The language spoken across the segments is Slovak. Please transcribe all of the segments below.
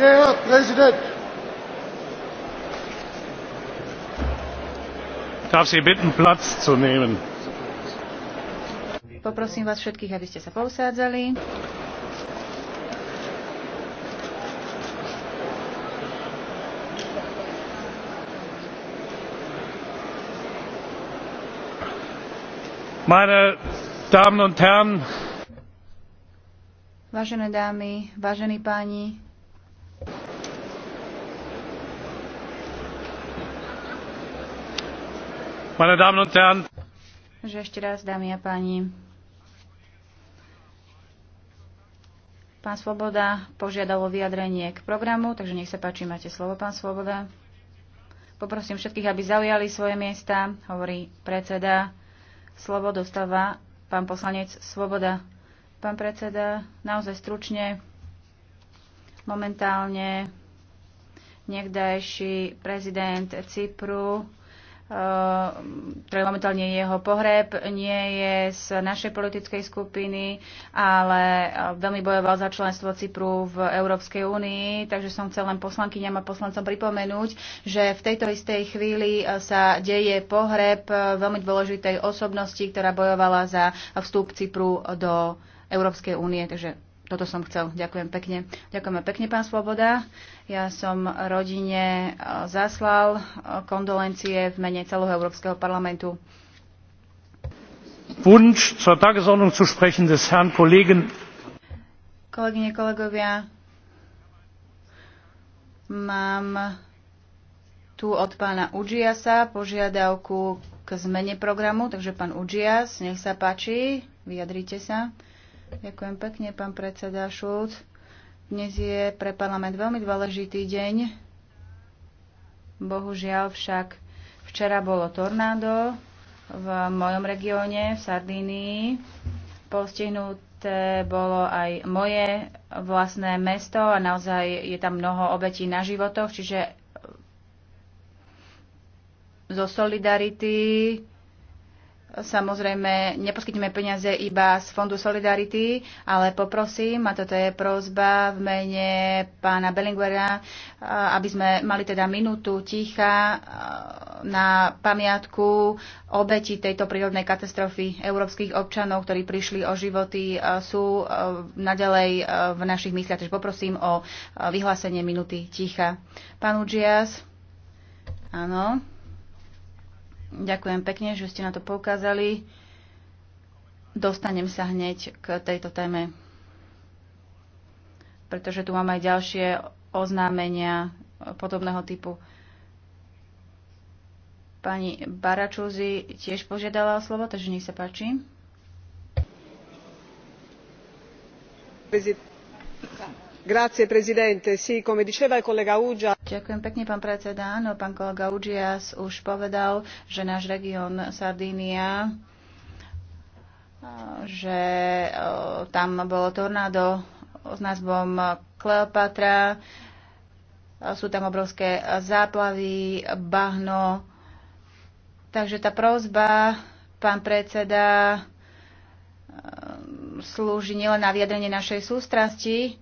Der Präsident! Darf Sie bitten, Platz zu nehmen. Poprosím vás všetkých, aby ste sa pousádzali. Meine Damen und Herren, Vážené dámy, vážení páni, Meine Damen und Herren. Že ešte raz, dámy a páni. Pán Svoboda požiadal o vyjadrenie k programu, takže nech sa páči, máte slovo, pán Svoboda. Poprosím všetkých, aby zaujali svoje miesta, hovorí predseda. Slovo dostáva pán poslanec Svoboda. Pán predseda, naozaj stručne, momentálne niekdajší prezident Cypru Eh, ktorý momentálne je jeho pohreb, nie je z našej politickej skupiny, ale eh, veľmi bojoval za členstvo Cypru v Európskej únii, takže som chcel len poslankyňam a poslancom pripomenúť, že v tejto istej chvíli eh, sa deje pohreb veľmi dôležitej osobnosti, ktorá bojovala za vstup Cypru do Európskej únie, takže toto som chcel. Ďakujem pekne. Ďakujem pekne, pán Svoboda. Ja som rodine e, zaslal e, kondolencie v mene celého Európskeho parlamentu. Wunsch zur Tagesordnung zu sprechen des Herrn Kollegen. Kolegyne, kolegovia, mám tu od pána Udžiasa požiadavku k zmene programu, takže pán Ujias, nech sa páči, vyjadrite sa. Ďakujem pekne, pán predseda Šulc. Dnes je pre parlament veľmi dôležitý deň. Bohužiaľ však včera bolo tornádo v mojom regióne, v Sardínii. Postihnuté bolo aj moje vlastné mesto a naozaj je tam mnoho obetí na životoch, čiže zo solidarity Samozrejme, neposkytneme peniaze iba z Fondu Solidarity, ale poprosím, a toto je prozba v mene pána Bellingwera, aby sme mali teda minútu ticha na pamiatku obeti tejto prírodnej katastrofy európskych občanov, ktorí prišli o životy, sú naďalej v našich mysliach. Takže poprosím o vyhlásenie minúty ticha. Pán Udžias. Áno. Ďakujem pekne, že ste na to poukázali. Dostanem sa hneď k tejto téme, pretože tu mám aj ďalšie oznámenia podobného typu. Pani Baračúzi tiež požiadala o slovo, takže nech sa páči. Grazie Presidente, sì, come diceva il collega Uggia, Ďakujem pekne, pán predseda. Áno, pán kolega Udžias už povedal, že náš región Sardínia že tam bolo tornádo s názvom Kleopatra, sú tam obrovské záplavy, bahno. Takže tá prozba, pán predseda, e, slúži nielen na vyjadrenie našej sústrasti,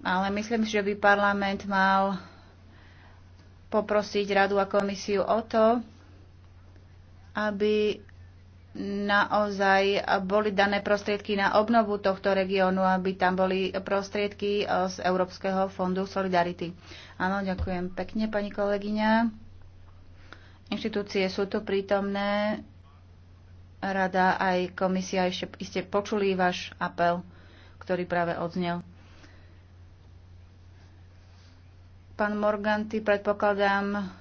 ale myslím si, že by parlament mal poprosiť radu a komisiu o to, aby naozaj boli dané prostriedky na obnovu tohto regiónu, aby tam boli prostriedky e, z Európskeho fondu Solidarity. Áno, ďakujem pekne, pani kolegyňa. Inštitúcie sú tu prítomné. Rada aj komisia ešte iste počuli váš apel, ktorý práve odznel. Pán Morganty, predpokladám,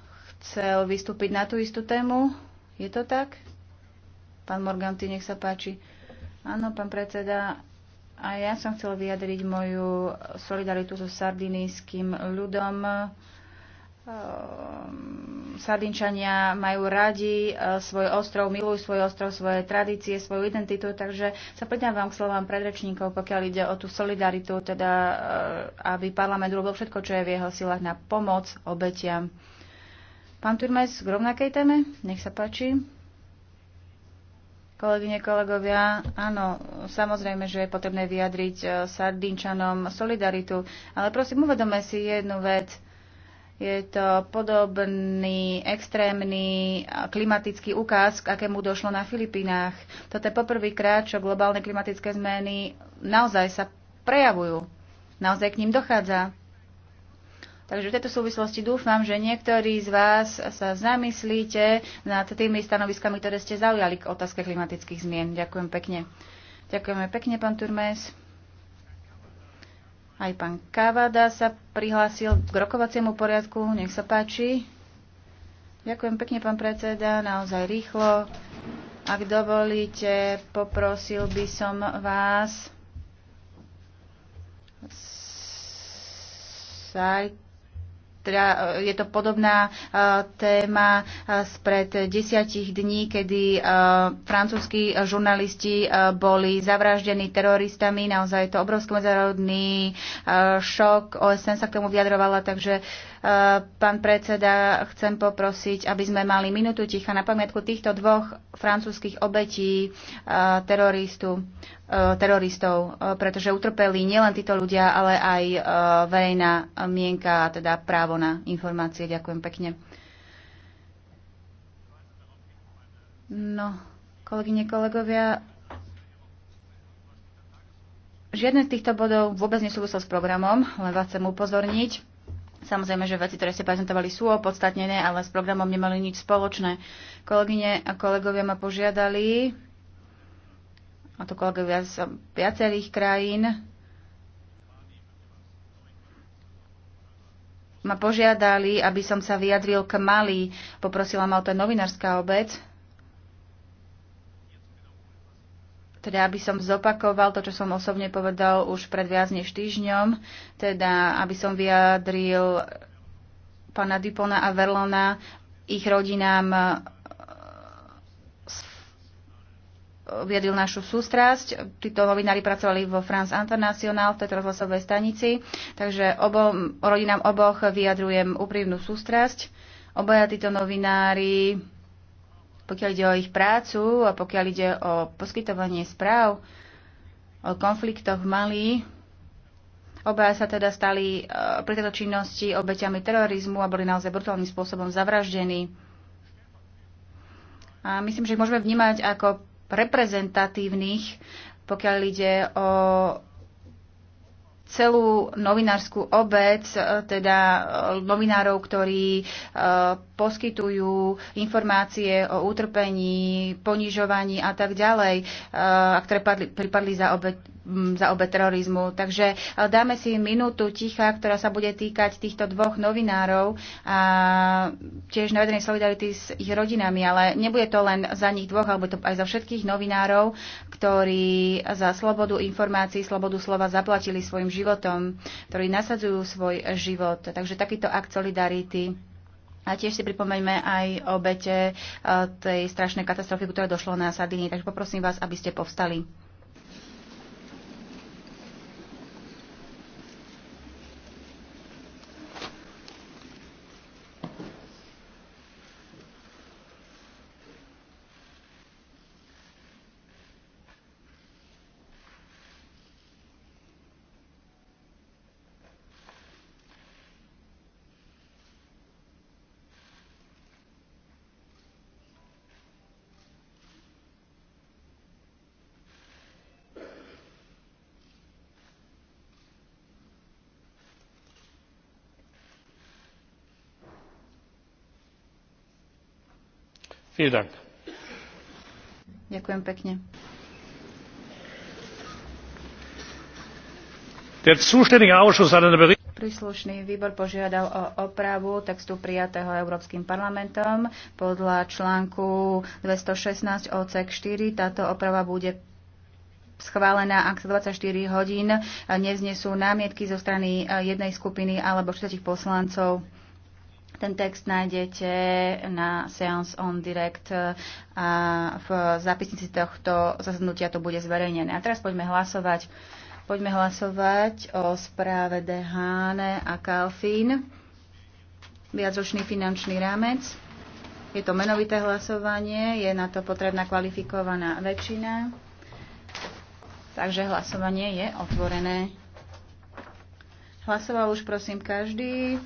chcel vystúpiť na tú istú tému. Je to tak? Pán Morganty, nech sa páči. Áno, pán predseda, a ja som chcel vyjadriť moju solidaritu so sardinijským ľudom. Um, Sardinčania majú radi e, svoj ostrov, milujú svoj ostrov, svoje tradície, svoju identitu, takže sa pridávam k slovám predrečníkov, pokiaľ ide o tú solidaritu, teda e, aby parlament robil všetko, čo je v jeho silách na pomoc obetiam. Pán Turmes, k rovnakej téme? Nech sa páči. Kolegyne, kolegovia, áno, samozrejme, že je potrebné vyjadriť e, Sardinčanom solidaritu, ale prosím, uvedome si jednu vec – je to podobný extrémny klimatický ukaz, k akému došlo na Filipínach. Toto je poprvýkrát, čo globálne klimatické zmeny naozaj sa prejavujú. Naozaj k ním dochádza. Takže v tejto súvislosti dúfam, že niektorí z vás sa zamyslíte nad tými stanoviskami, ktoré ste zaujali k otázke klimatických zmien. Ďakujem pekne. Ďakujeme pekne, pán Turmes. Aj pán Kavada sa prihlásil k rokovaciemu poriadku. Nech sa páči. Ďakujem pekne, pán predseda, naozaj rýchlo. Ak dovolíte, poprosil by som vás sajt teda e, je to podobná e, téma e, spred desiatich dní, kedy francúzskí žurnalisti boli zavraždení teroristami. Naozaj je to obrovský medzinárodný šok. OSN sa k tomu vyjadrovala, takže pán predseda, chcem poprosiť, aby sme mali minutu ticha na pamiatku týchto dvoch francúzskych obetí teroristu. Eh, teroristov, eh, pretože utrpeli nielen títo ľudia, ale aj eh, verejná mienka, a teda právo na informácie. Ďakujem pekne. No, kolegyne, kolegovia, žiadne z týchto bodov vôbec nesúvisel s programom, len vás chcem upozorniť. Samozrejme, že veci, ktoré ste prezentovali, sú opodstatnené, ale s programom nemali nič spoločné. Kolegyne a kolegovia ma požiadali, a to kolegovia z viacerých krajín, ma požiadali, aby som sa vyjadril k Mali. Poprosila ma o to novinárska obec. Teda, aby som zopakoval to, čo som osobne povedal už pred viac než týždňom. Teda, aby som vyjadril pána Dupona a Verlona ich rodinám viedil našu sústrasť. Títo novinári pracovali vo France International, v tejto rozhlasovej stanici, takže obom, rodinám oboch vyjadrujem úprimnú sústrasť. Obaja títo novinári, pokiaľ ide o ich prácu a pokiaľ ide o poskytovanie správ o konfliktoch v Mali, Obaja sa teda stali e, pri tejto činnosti obeťami terorizmu a boli naozaj brutálnym spôsobom zavraždení. A myslím, že ich môžeme vnímať ako reprezentatívnych, pokiaľ ide o celú novinárskú obec, teda novinárov, ktorí eh, poskytujú informácie o utrpení, ponižovaní a tak ďalej, eh, a ktoré padli, pripadli za obe mm, za obe terorizmu. Takže eh, dáme si minútu ticha, ktorá sa bude týkať týchto dvoch novinárov a tiež navedenej solidarity s ich rodinami, ale nebude to len za nich dvoch, alebo to aj za všetkých novinárov, ktorí za slobodu informácií, slobodu slova zaplatili svojim životom, ktorí nasadzujú svoj život. Takže takýto akt solidarity a tiež si pripomeňme aj obete eh, tej strašnej katastrofy, ktorá došlo na Sardinii. Takže poprosím vás, aby ste povstali. Ďakujem pekne. Príslušný výbor požiadal o opravu textu prijatého Európskym parlamentom. Podľa článku 216 odsek 4 táto oprava bude schválená, ak sa 24 hodín nevznesú námietky zo strany eh, jednej skupiny alebo všetkých poslancov. Ten text nájdete na Seance on Direct e, a v zápisnici tohto zasadnutia to bude zverejnené. A teraz poďme hlasovať. Poďme hlasovať o správe Dehane a Kalfín. Viacročný finančný rámec. Je to menovité hlasovanie, je na to potrebná kvalifikovaná väčšina. Takže hlasovanie je otvorené. Hlasoval už prosím každý.